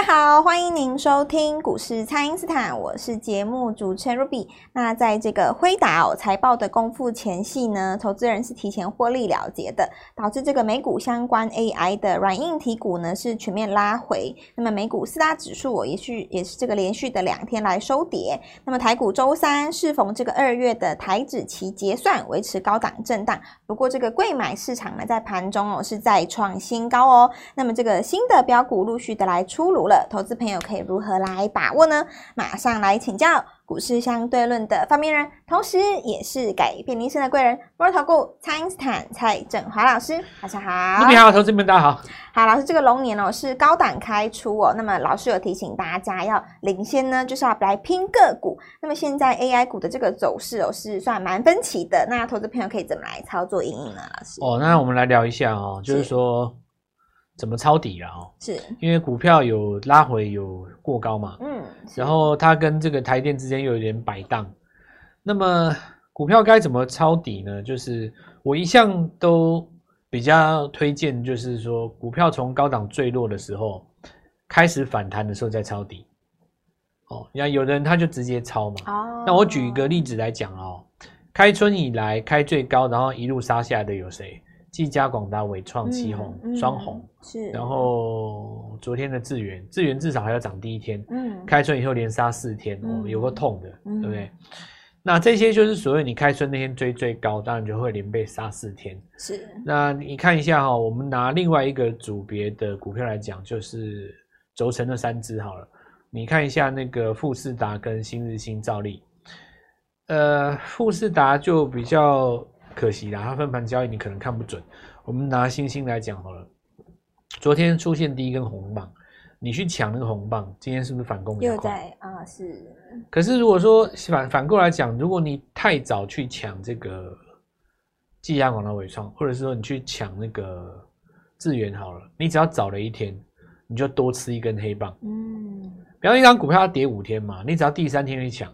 大家好，歡迎您收聽股市蔡因斯坦，我是節目主持人 Ruby。那在這個輝達哦財報的公布前夕呢，投資人是提前獲利了結的，導致這個美股相關 AI 的軟硬體股呢是全面拉回。那麼美股四大指數我也是也是這個連續的兩天來收跌。那麼台股周三適逢這個二月的台指期結算，維持高檔震盪。不過這個櫃買市場呢在盤中哦是再創新高哦。那麼這個新的標股陸續的來出爐。投資朋友可以如何來把握呢？馬上來請教股市相對論的發明人，同時也是改變民生的貴人——摩爾投顧蔡因斯坦、蔡正華老師，大家好！你好，投資朋友大家好。好，老師，這個龍年哦、喔、是高檔開出哦、喔，那麼老師有提醒大家要領先呢，就是要來拼個股。那麼現在 AI 股的這個走勢哦、喔、是算蠻分歧的，那投資朋友可以怎麼來操作因應呢？老師？哦，那我們來聊一下哦、喔，就是說。怎麼抄底啊？哦，是因為股票有拉回，有過高嘛？嗯，然後它跟這個台電之間又有點擺盪。那麼股票該怎麼抄底呢？就是我一向都比較推薦，就是說股票從高檔墜落的時候，開始反彈的時候再抄底。哦，你看有的人他就直接抄嘛，哦。那我舉一個例子來講哦，開春以來開最高，然後一路殺下來的有誰？技嘉廣達偉創、七紅、雙、嗯、紅是、嗯，然後昨天的智源。智源至少還要漲第一天，嗯，開春以後連殺四天、嗯，哦，有個痛的，嗯、對不對、嗯？那這些就是所謂你開春那天追最,最高，當然就會連被殺四天。是，那你看一下哈、喔，我們拿另外一個組別的股票來講，就是軸承的三只好了，你看一下那個富士達跟新日新、兆利，呃，富士達就比較、嗯。可惜啦，它分盤交易你可能看不準。我們拿信音來講好了，昨天出現第一根紅棒，你去搶那個紅棒，今天是不是反攻沒有？又在啊，是。可是如果說反反過來講，如果你太早去搶這個技嘉廣達緯創，或者是說你去搶那個智原好了，你只要早了一天，你就多吃一根黑棒。嗯，比方一張股票要跌五天嘛，你只要第三天去搶，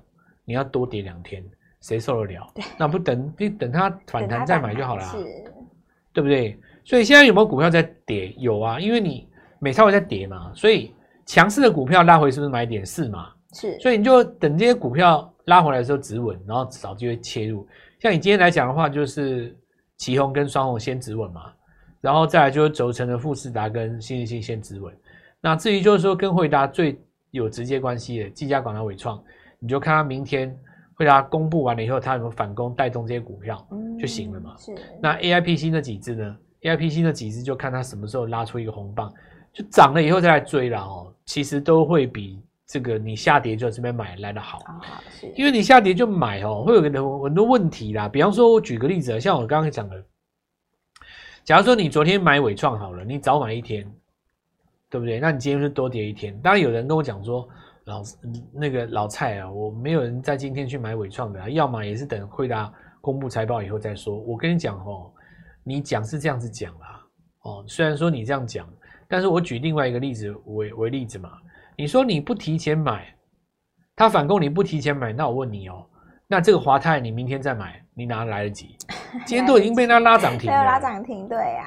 你要多跌兩天。誰受得了？那不等你等它反彈再買就好了，對不對？所以現在有沒有股票在跌？有啊，因為你美超也在跌嘛，所以強勢的股票拉回是不是買點是嘛？是，所以你就等這些股票拉回來的時候止穩，然後找機會切入。像你今天來講的話，就是旗紅跟雙紅先止穩嘛，然後再來就是軸承的富士達跟新日興先止穩。那至於就是說跟輝達最有直接關係的技嘉廣達緯創，你就看他明天。會他公布完了以後，他有沒有反攻帶動這些股票、嗯、就行了嘛？是。那 AIPC 那幾隻呢？AIPC 那幾隻就看它什麼時候拉出一個紅棒，就漲了以後再來追了哦、喔。其實都會比這個你下跌就在這邊買來的好、啊，因為你下跌就買哦、喔，會有很多很多問題啦。比方說，我舉個例子、啊，像我剛剛講的，假如說你昨天買緯創好了，你早買一天，對不對？那你今天就多跌一天。當然，有人跟我講說。老那個老蔡啊，我沒有人在今天去買偉創的、啊，要麼也是等匯達公布財報以後再說。我跟你講哦，你講是這樣子講啦、啊，哦，雖然說你這樣講，但是我舉另外一個例子為為例子嘛。你說你不提前買，他反攻你不提前買，那我問你哦，那這個華泰你明天再買，你哪來得及？今天都已經被他拉漲停了，沒有拉漲停對啊，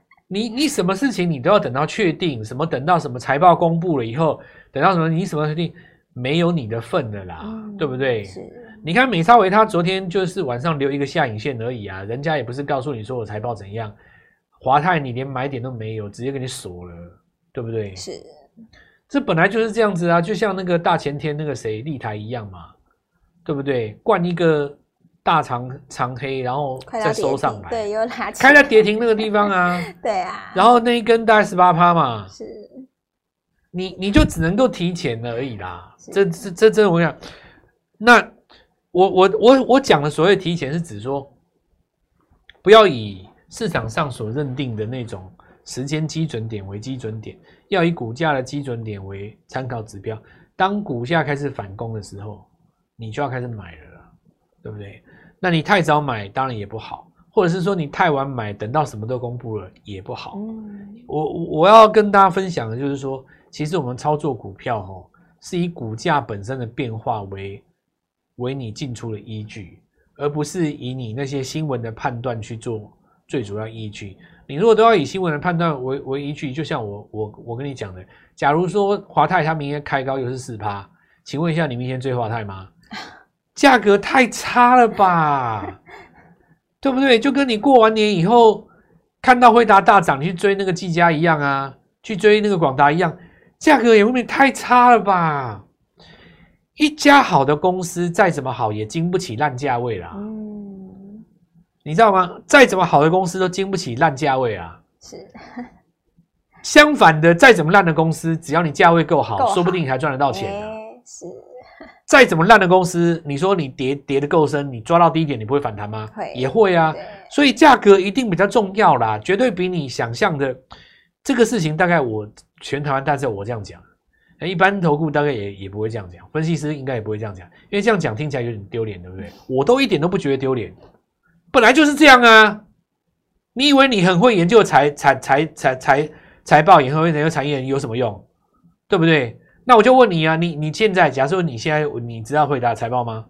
你你什麼事情你都要等到確定什麼，等到什麼財報公布了以後。等到什麼你什麼肯定沒有你的份的啦、嗯，對不對？是。你看美沙維他昨天就是晚上留一個下影線而已啊，人家也不是告訴你說我財報怎樣。華泰你連買點都沒有，直接給你鎖了，對不對？是，這本來就是這樣子啊，就像那個大前天那個誰立台一樣嘛，對不對？灌一個大長長黑，然後再收上來，對，又拉，開在跌停那個地方啊， 對啊，然後那一根大概十八趴嘛，是。你你就只能夠提前了而已啦，這這這這我想那我我我我講的所謂提前是指說，不要以市場上所認定的那種時間基準點為基準點，要以股價的基準點為參考指標。當股價開始反攻的時候，你就要開始買了，對不對？那你太早買當然也不好，或者是說你太晚買，等到什麼都公布了也不好。我我我要跟大家分享的就是說。其實我們操作股票，哦，是以股價本身的變化為為你進出的依據，而不是以你那些新聞的判斷去做最主要依據。你如果都要以新聞的判斷為為依據，就像我我我跟你講的，假如說華泰它明天開高又是四趴，請問一下，你明天追華泰嗎？價格太差了吧， 對不對？就跟你過完年以後看到輝達大漲，你去追那個技嘉一樣啊，去追那個廣達一樣。價格也未免太差了吧？一家好的公司再怎麼好，也經不起爛價位啦。嗯，你知道嗎？再怎麼好的公司都經不起爛價位啊。是。相反的，再怎麼爛的公司，只要你價位夠好，說不定你還賺得到錢。是。再怎麼爛的公司，你說你跌跌得夠深，你抓到低點，你不會反彈嗎？也會啊。所以價格一定比較重要啦，絕對比你想象的這個事情大概我。全台灣，但是我這樣講，哎、欸，一般投顧大概也也不會這樣講，分析師應該也不會這樣講，因為這樣講聽起來有點丟臉，對不對？我都一點都不覺得丟臉，本來就是這樣啊！你以為你很會研究財財財財財財報，也很會研究產業人有什麼用？對不對？那我就問你啊，你你現在假如說你現在你知道輝達財報嗎？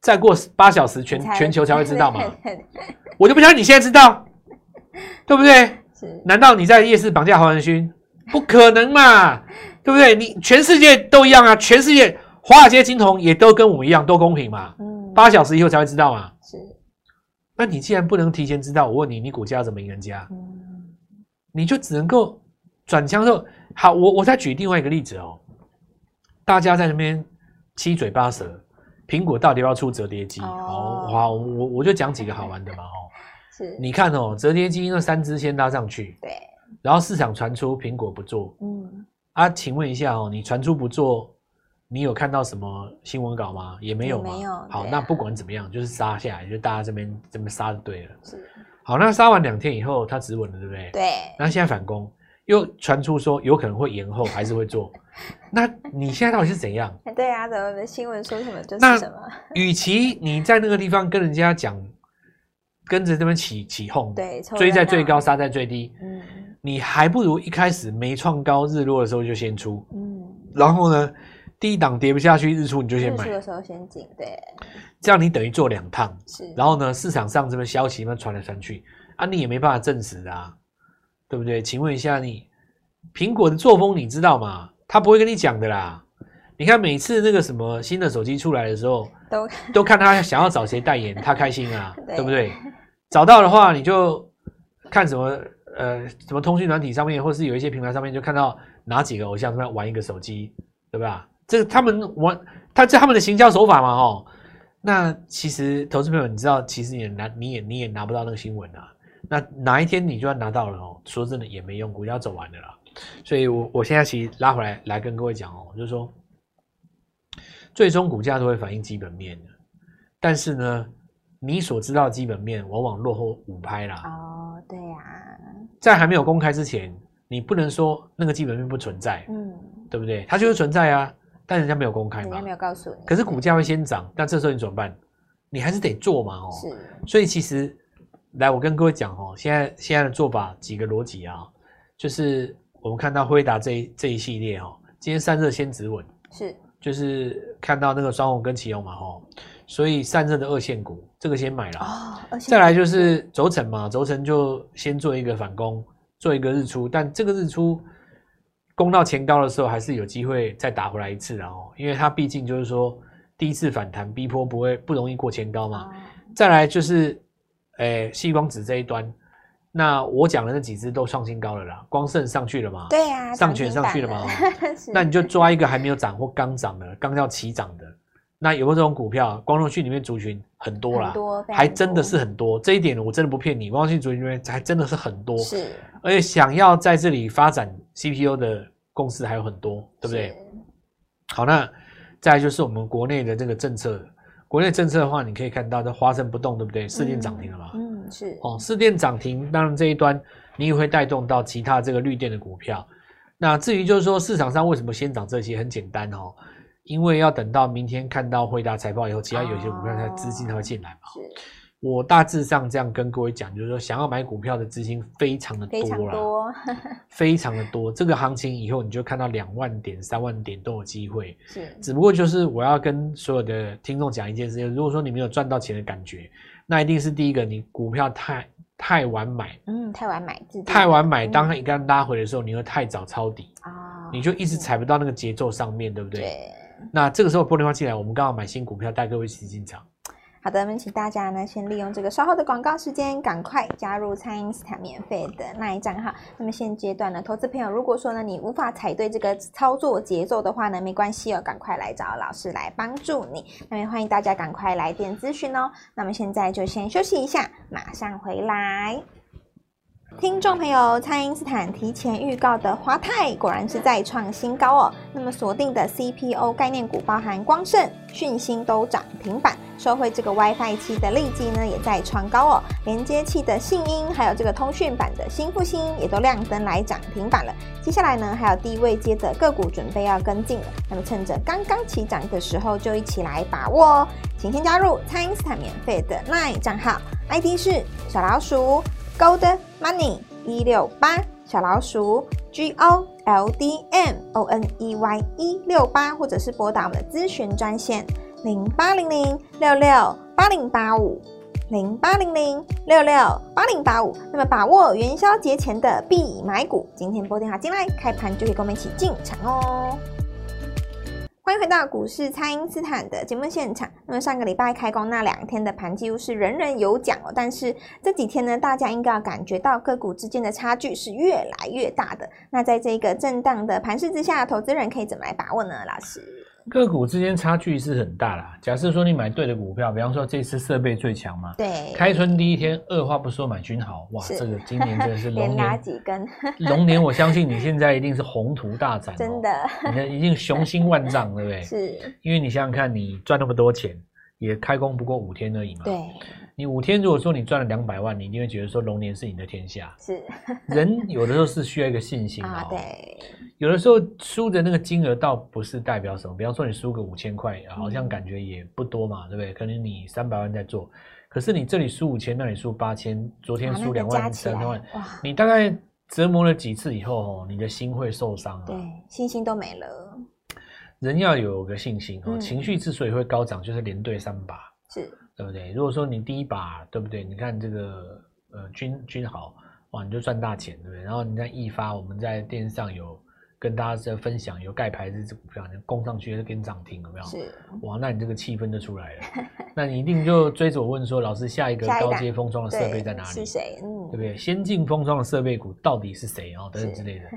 再過八小時全，全全球才會知道嗎？對對對，我就不相信你現在知道， 對不對？難道你在夜市綁架黃仁勳？ 不可能嘛，對不對？你全世界都一樣啊，全世界華爾街金童也都跟我們一樣，都公平嘛！嗯，八小時以後才會知道嘛。是，那你既然不能提前知道，我問你，你股價怎麼贏人家？嗯，你就只能夠轉槍頭。好，我我再舉另外一個例子哦。大家在那邊七嘴八舌，蘋果到底要出摺疊機？哦，好，好我我我就講幾個好玩的嘛。哦，是，你看哦，摺疊機那三支先拉上去。對。然後市場傳出蘋果不做，嗯啊，請問一下哦，你傳出不做，你有看到什麼新聞稿嗎？也沒有嗎？沒有。好、啊，那不管怎麼樣，就是殺下來，就是、大家這邊這邊殺就對了。是。好，那殺完兩天以後，他止穩了，對不對？對。那現在反攻，又傳出說有可能會延後， 還是會做？那你現在到底是怎樣？對呀、啊，怎麼新聞說什麼就是什麼。與其你在那個地方跟人家講，跟着這邊起起哄，對，追在最高，嗯、殺在最低，嗯。你還不如一開始沒創高日落的時候就先出，嗯，然後呢，低檔跌不下去日出你就先買，日出的時候先進，對。這樣你等於做兩趟，是。然後呢，市場上這個消息慢慢傳來傳去，啊，你也沒辦法證實啊，對不對？請問一下你，你蘋果的作風你知道嗎？他不會跟你講的啦。你看每次那個什麼新的手機出來的時候，都都看他想要找誰代言，他開心啊，對不對？對，找到的話，你就看什麼。呃，什麼通訊軟體上面，或是有一些平台上面，就看到哪幾個偶像在玩一個手機，對吧？這是他們玩，他他們的行銷手法嘛，吼、哦。那其實投資朋友，你知道，其實也拿你也你也拿不到那個新聞啊。那哪一天你就要拿到了哦？說真的也沒用，股價走完的啦。所以我我現在其實拉回來來跟各位講哦，就是說，最終股價都會反映基本面的，但是呢，你所知道的基本面往往落後五拍啦。哦在還沒有公開之前，你不能說那個基本面不存在，嗯，對不對？它就是存在啊，但人家沒有公開嘛，沒有告訴你。可是股價會先漲，但這時候你怎麼辦？你還是得做嘛，哦，是。所以其實，來，我跟各位講哦，現在現在的做法幾個邏輯啊，就是我們看到輝達這一這一系列哦，今天散熱先止穩，是，就是看到那個雙鴻跟奇鋐嘛齁，哦。所以散熱的二線股，這個先買了，哦，再來就是軸承嘛，軸承就先做一個反攻，做一個日出。但這個日出攻到前高的時候，還是有機會再打回來一次的哦，因為它畢竟就是說第一次反彈逼坡不會不容易過前高嘛。哦、再來就是誒，矽、欸、光子這一端，那我講的那幾隻都創新高了啦，光聖上去了嘛，對啊，上全上去了嘛 那你就抓一個還沒有漲或剛漲的，剛要起漲的。那有沒有這種股票？光通訊裡面族群很多啦，很多多，還真的是很多。這一點我真的不騙你，光通訊族群裡面還真的是很多。是，而且想要在這裡發展 CPU 的公司還有很多，對不對？好，那再來就是我們國內的這個政策，國內政策的話，你可以看到這花生不動，對不對？四電漲停了嘛？嗯，嗯是哦。四電漲停，當然這一端你也會帶動到其他這個綠電的股票。那至於就是說市場上為什麼先漲這些，很簡單哦。因為要等到明天看到輝達財報以後，其他有些股票它的資金才會進來嘛、哦是。我大致上這樣跟各位講，就是說想要買股票的資金非常的多，非常，多 非常的多。這個行情以後你就看到兩萬點、三萬點都有機會。是，只不過就是我要跟所有的聽眾講一件事情，如果說你沒有賺到錢的感覺，那一定是第一個你股票太太晚買，嗯，太晚買，買太晚買。當它剛剛拉回的時候，嗯、你會太早抄底啊、哦，你就一直踩不到那個節奏上面，對、嗯、不對？對那這個時候撥電話進來，我們剛好買新股票，帶各位一起進場。好的，那麼請大家呢，先利用這個稍後的廣告時間，趕快加入蔡因斯坦免費的那一賬號。那麼現階段呢，投資朋友，如果說呢你無法踩對這個操作節奏的話呢，沒關係哦、喔，趕快來找老師來幫助你。那麼歡迎大家趕快來電諮詢哦。那麼現在就先休息一下，馬上回來。聽眾朋友，蔡因斯坦提前預告的華泰果然是再創新高哦。那麼鎖定的 CPO 概念股包含光聖、訊芯都漲停板，收回這個 WiFi 七的利基呢也在創高哦。連接器的信音還有這個通訊板的新復興也都亮燈來漲停板了。接下來呢還有低位，接着個股準備要跟進了。那麼趁着剛剛起漲的時候，就一起來把握。哦，請先加入蔡因斯坦免費的 LINE 賬號，ID 是小老鼠 Gold，Money 一六八小老鼠 G O L D M O N E Y 一六八，或者是撥打我們的諮詢專線零八零零六六八零八五零八零零六六八零八五。那麼把握元宵節前的必買股，今天撥電話進來，開盤就可以跟我們一起進場哦。歡迎回到股市蔡因斯坦的節目現場。那麼上個禮拜開工那兩天的盤，幾乎是人人有獎哦。但是這幾天呢，大家應該要感覺到個股之間的差距是越來越大的。那在這個震盪的盤勢之下，投資人可以怎麼來把握呢？老師？個股之間差距是很大啦。假設說你買對的股票，比方說這次設備最強嘛，對，開春第一天，二話不說買君豪，哇，這個今年真的是龍年， 連拿幾根龍 年，我相信你現在一定是宏圖大展、喔，真的，你看一定雄心萬丈，對不對？對，是，因為你想想看，你賺那麼多錢。也開工不過五天而已嘛。對，你五天如果說你賺了兩百萬，你一定會覺得說龍年是你的天下。是， 人有的時候是需要一個信心嘛、哦啊。對。有的時候輸的那個金額倒不是代表什麼，比方說你輸個五千塊，好像感覺也不多嘛，嗯、對不對？可能你三百萬在做，可是你這裡輸五千，那裡輸八千，昨天輸兩萬，三萬，你大概折磨了幾次以後，哦，你的心會受傷。對，信心都沒了。人要有個信心哦，情緒之所以會高漲、嗯，就是連對三把，是對不對？如果說你第一把，對不對？你看這個呃，均均豪哇，你就賺大錢，對不對？然後你看易發，我們在電視上有跟大家在分享，有蓋牌子股票，你攻上去就給你漲停，有沒有？是哇，那你這個氣氛就出來了， 那你一定就追着我問說，老師下一個高階封裝的設備在哪裡？是誰？嗯，對不對？先進封裝的設備股到底是誰啊？等、哦、等之類的。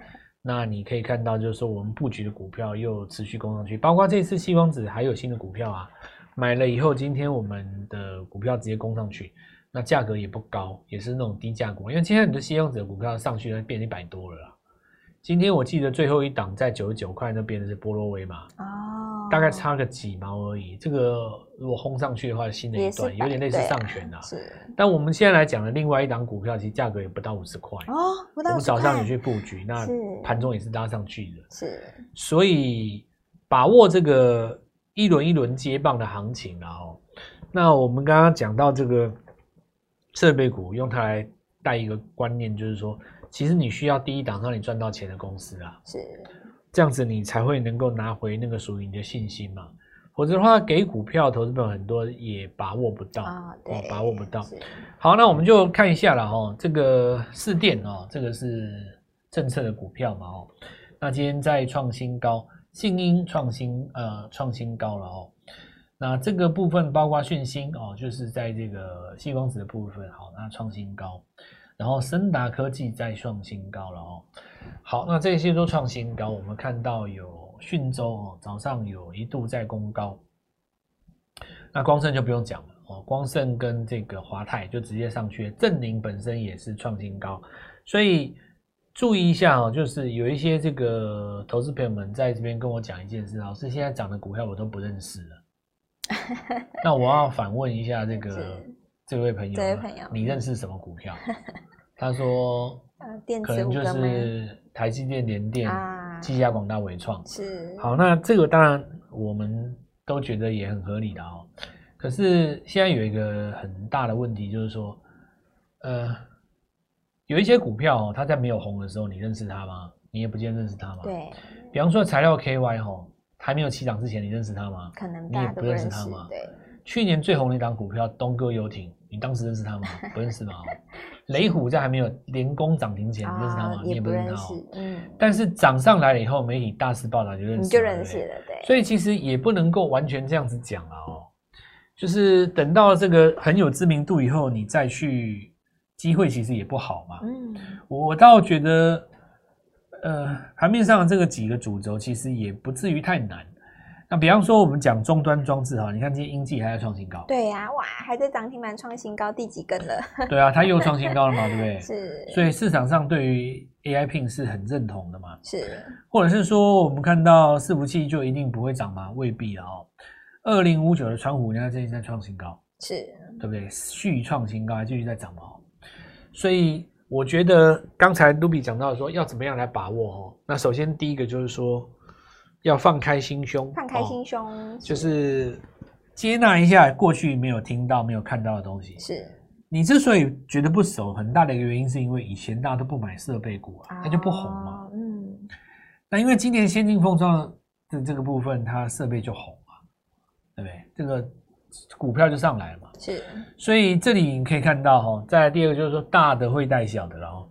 那你可以看到，就是說我們布局的股票又持續攻上去，包括這次矽光子還有新的股票啊，買了以後，今天我們的股票直接攻上去，那價格也不高，也是那種低價股，因為現在你的矽光子的股票上去呢，變一百多了啦。今天我記得最後一檔在九十九塊那邊的是波若威嘛？哦大概差個幾毛而已，這個如果轟上去的話，新的一段有點類似上權的、啊啊。是，但我們現在來講的另外一檔股票，其實價格也不到五十塊。哦，不到五十塊。我們早上有去布局，那盤中也是搭上去的。是，所以把握這個一輪一輪接棒的行情，然後，那我們剛剛講到這個設備股，用它來帶一個觀念，就是說，其實你需要第一檔讓你賺到錢的公司啊。是。這樣子你才會能夠拿回那個屬於你的信心嘛，否則的話給股票投資朋友很多也把握不到啊，對、哦，把握不到。好，那我們就看一下了哈、喔，這個四電哦、喔、這個是政策的股票嘛哦、喔，那今天在創新高，信音創新呃創新高了哦、喔，那這個部分包括訊芯哦，就是在這個矽光子的部分，好，那創新高。然後森達科技再創新高了哦，好，那這些都創新高，我們看到有迅州哦，早上有一度在攻高，那光聖就不用講了哦，光聖跟這個華泰就直接上去了，振林本身也是創新高，所以注意一下哦，就是有一些這個投資朋友們在這邊跟我講一件事，哦，老師現在漲的股票我都不認識了，那我要反問一下這個。這位，啊、這位朋友，你認識什麼股票？ 他說、呃電，可能就是台積電、聯電、積、呃、佳、廣大、偉創。是，好，那這個當然我們都覺得也很合理的哦。可是現在有一個很大的問題，就是說，呃，有一些股票哦，它在沒有紅的時候，你認識它嗎？你也不見認識它嗎？對。比方說材料 KY 哈、哦，還沒有起漲之前，你認識它嗎？可能你也不認識它嗎？對。去年最紅的一檔股票，東哥遊艇。你當時認識他嗎？不認識嘛。雷 虎在還沒有連攻漲停前，啊，認識他嗎？你也不認識，他，喔不認識。嗯。但是漲上來了以後，媒體大肆報道，就認識你就認識了，對對，對。所以其實也不能夠完全這樣子講了哦，喔。就是等到這個很有知名度以後，你再去，機會其實也不好嘛。嗯。我倒覺得，呃，盤面上這個幾個主軸，其實也不至於太難。那比方說，我們講終端裝置哈，你看今天英記還在創新高，對呀、啊，哇，還在漲停板創新高，第幾根了？對啊，它又創新高了嘛， 對不對？是。所以市場上對於 AI Pin 是很認同的嘛？是。或者是說，我們看到伺服器就一定不會漲嘛？未必哦。二零五九的川湖，人家最近在創新高，是，對不對？續創新高，還繼續在漲嘛？所以我覺得剛才 Ruby 講到說，要怎麼樣來把握哦？那首先第一個就是說。要放開心胸，放開心胸、哦、是，就是接納一下過去沒有聽到、沒有看到的東西。是。你之所以覺得不熟，很大的一個原因是因為以前大家都不買設備股啊，它、啊、就不紅嘛。嗯。那因為今年先進封裝的這個部分，它設備就紅嘛，對不對？這個股票就上來了嘛。是。所以這裡你可以看到哈、哦，再來第二個就是說大的會帶小的然後。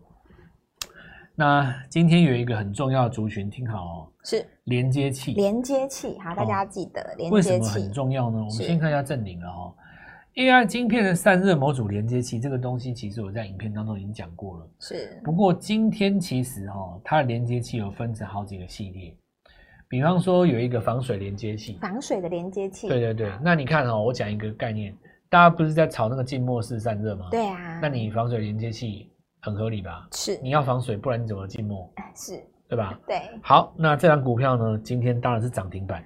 那今天有一個很重要的族群，聽好哦。是。連接器，連接器，哈，大家要記得、哦、連接器。為什麼很重要呢？我們先看一下證明了哈、喔，AI 晶片的散熱模組連接器，這個東西其實我在影片當中已經講過了。是。不過今天其實哈、喔，它的連接器有分成好幾個系列，比方說有一個防水連接器，防水的連接器。對對對。那你看哈、喔，我講一個概念，大家不是在炒那個靜默式散熱嗎？對啊。那你防水連接器很合理吧？是。你要防水，不然你怎麼靜默？是。對吧？對，好，那這檔股票呢？今天當然是漲停板，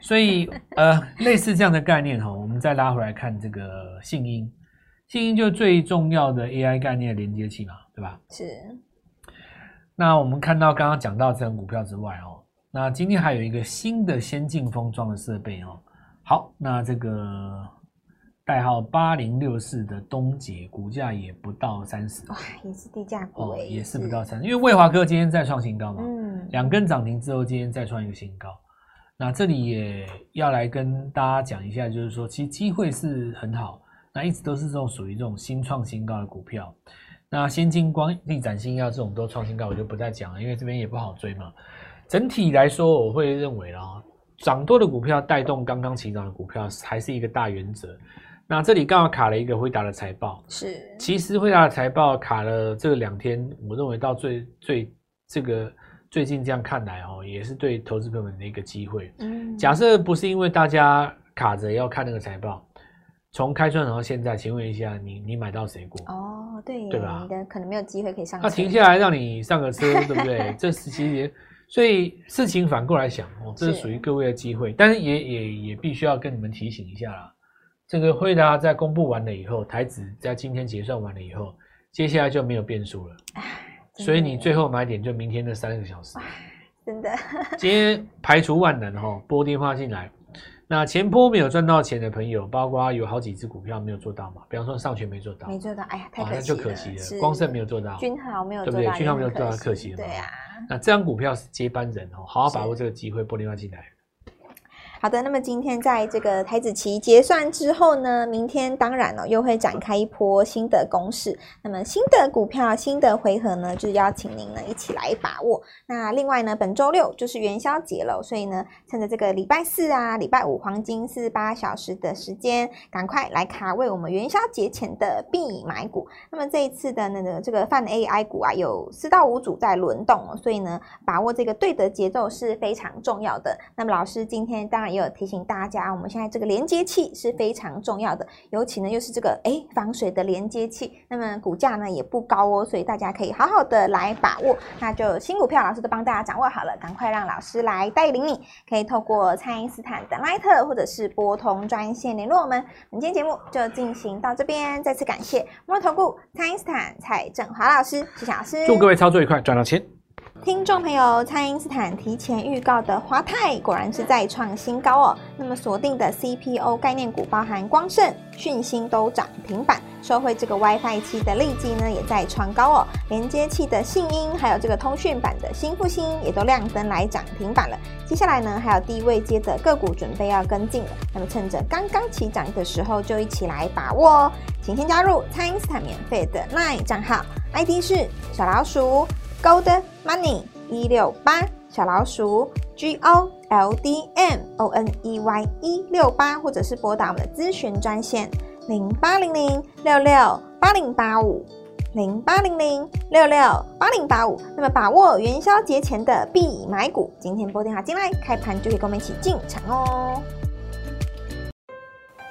所以 呃，類似這樣的概念哦，我們再拉回來看這個信音。信音就是最重要的 AI 概念的連接器嘛，對吧？是。那我們看到剛剛講到這檔股票之外哦，那今天還有一個新的先進封裝的設備哦。好，那這個。代號八零六四的東捷股價也不到三十，哇，也是低價股、哦，也是不到三十。因為魏華哥今天再創新高嘛，嗯，兩根漲停之後，今天再創一個新高，那這裡也要來跟大家講一下，就是說其實機會是很好，那一直都是這種屬於這種新創新高的股票，那先進光、力展新藥這種都創新高，我就不再講了，因為這邊也不好追嘛。整體來說，我會認為啊，漲多的股票帶動剛剛起漲的股票，還是一個大原則。那這裡剛好卡了一個輝達的財報，是。其實輝達的財報卡了這兩天，我認為到最最這個最近這樣看來哦、喔，也是對投資朋友們的一個機會。嗯，假設不是因為大家卡着要看那個財報，從開春然後現在，請問一下你，你你買到誰過哦，對，對吧？可能沒有機會可以上車，他停下來讓你上個車，對不對？ 這是其實所以事情反過來想哦、喔，這是屬於各位的機會，但是也也也必須要跟你們提醒一下啦。這個回答在公布完了以後，台指在今天結算完了以後，接下來就沒有變數了。所以你最後買點就明天的三個小時。真的。今天排除萬難哈、哦，撥、嗯、電話進來。那前波沒有賺到錢的朋友，包括有好幾只股票沒有做到嘛？比方說上全沒做到，沒做到，哎呀，太可惜了，啊就可惜了。光聖沒有做到，均豪沒有做到，對不對？均豪沒有做到，可惜，可惜了。對啊。那這張股票是接班人哦，好好把握這個機會，撥電話進來。好的，那麼今天在這個台指期結算之後呢，明天當然哦，又會展開一波新的攻勢。那麼新的股票、新的回合呢，就邀請您呢一起來把握。那另外呢，本週六就是元宵節了，所以呢，趁着這個禮拜四啊、禮拜五黃金四十八小時的時間，趕快來卡位我們元宵節前的必買股。那麼這一次的那個這個泛 AI 股啊，有四到五組在輪動，所以呢，把握這個對的節奏是非常重要的。那麼老師今天當然。也有提醒大家，我們現在這個連接器是非常重要的，尤其呢又是這個哎防水的連接器。那麼股價呢也不高哦，所以大家可以好好的來把握。那就新股票，老師都幫大家掌握好了，趕快讓老師來帶領你。可以透過蔡因斯坦的 LINE 或者是撥通專線聯絡我們。今天節目就進行到這邊，再次感謝摩爾投顧蔡因斯坦蔡正華老師、謝謝老師，祝各位操作愉快，賺到錢。聽眾朋友，蔡因斯坦提前預告的華泰果然是再創新高哦。那麼鎖定的 CPO 概念股，包含光聖、訊芯都漲停板。收回這個 WiFi 七的利基呢，也在創高哦。連接器的信音還有這個通訊版的新復興也都亮燈來漲停板了。接下來呢，還有低位接的個股準備要跟進了。那麼趁着剛剛起漲的時候，就一起來把握哦。請先加入蔡因斯坦免費的 LINE 賬號，ID 是小老鼠。Gold Money 一六八小老鼠 G O L D M O N E Y 一六八，或者是撥打我們的諮詢專線零八零零六六八零八五零八零零六六八零八五。那麼把握元宵節前的必買股，今天撥電話進來，開盤就可以跟我們一起進場哦。